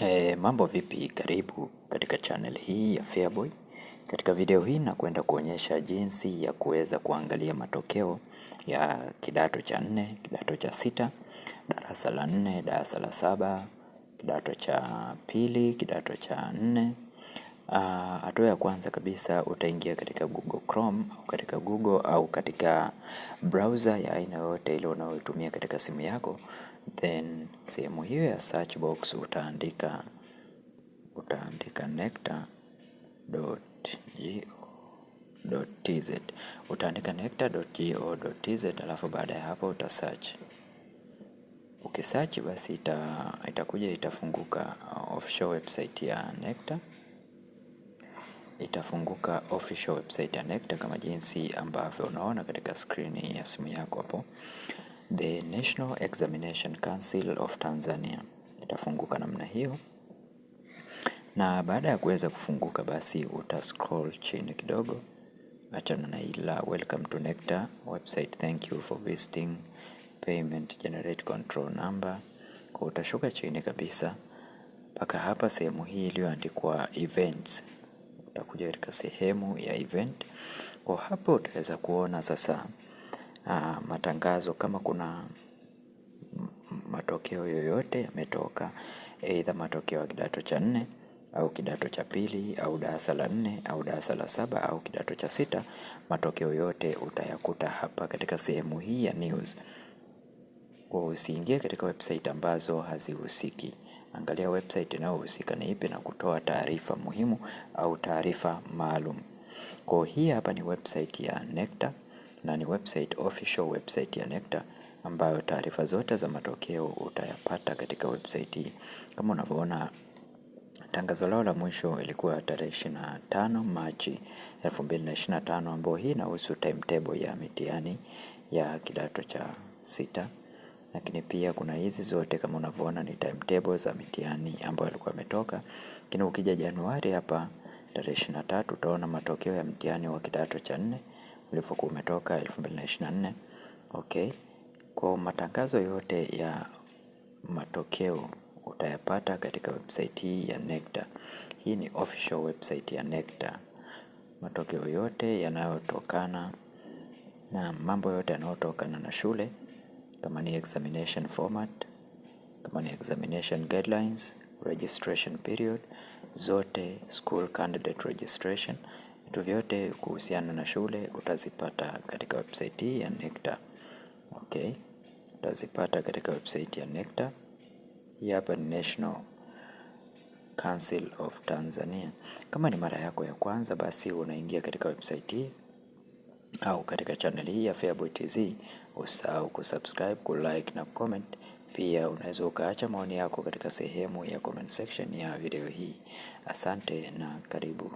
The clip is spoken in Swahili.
He, eh, mambo vipi karibu katika channel hii ya Fairboy. Katika video hii nakwenda kuonyesha jinsi ya kuweza kuangalia matokeo ya kidato cha nne, kidato cha sita, darasa la nne, darasa la saba, kidato cha pili, kidato cha nne. Ah, hatua uh, ya kwanza kabisa utaingia katika Google Chrome au katika Google au katika browser ya aina yoyote ile unayoitumia katika simu yako then sehemu hiyo ya search box utaandika utaandika nectar.go.tz utaandika nectar.go.tz, alafu baada ya hapo uta search. Ukisearch basi ita, itakuja itafunguka official website ya Nectar, itafunguka official website ya Nectar kama jinsi ambavyo unaona katika skrini ya simu yako hapo. The National Examination Council of Tanzania itafunguka namna hiyo, na baada ya kuweza kufunguka, basi uta scroll chini kidogo, achana na ila welcome to NECTA website, thank you for visiting payment generate control number. Kwa utashuka chini kabisa mpaka hapa sehemu hii iliyoandikwa events, utakuja katika sehemu ya event. Kwa hapo utaweza kuona sasa Ah, matangazo kama kuna matokeo yoyote yametoka eidha matokeo ya kidato cha nne au kidato cha pili au darasa la nne au darasa la saba au kidato cha sita. Matokeo yote utayakuta hapa katika sehemu hii ya news. Kwa usiingie katika website ambazo hazihusiki. Angalia website inayohusika ni ipi na kutoa taarifa muhimu au taarifa maalum. Kwa hii hapa ni website ya nectar na ni website, official website ya NECTA ambayo taarifa zote za matokeo utayapata katika website hii. Kama unavyoona tangazo lao la mwisho ilikuwa tarehe 25 Machi 2025, ambayo hii inahusu timetable ya mitihani ya kidato cha sita, lakini pia kuna hizi zote kama unavyoona ni timetable za mitihani ambayo alikuwa ametoka. Lakini ukija Januari hapa tarehe 23 utaona matokeo ya mtihani wa kidato cha nne ulivyokuwa umetoka 2024. Okay, kwa matangazo yote ya matokeo utayapata katika website hii ya NECTA. Hii ni official website ya NECTA. Matokeo yote yanayotokana na mambo yote yanayotokana na shule, kama ni examination format, kama ni examination guidelines, registration period zote, school candidate registration Vitu vyote kuhusiana na shule utazipata katika website hii ya NECTA. Okay, utazipata katika website ya NECTA. Hii hapa ni National Council of Tanzania. Kama ni mara yako ya kwanza, basi unaingia katika website hii au katika channel hii ya Feaboy TZ. Usahau kusubscribe, kulike na comment. Pia unaweza ukaacha maoni yako katika sehemu ya comment section ya video hii. Asante na karibu.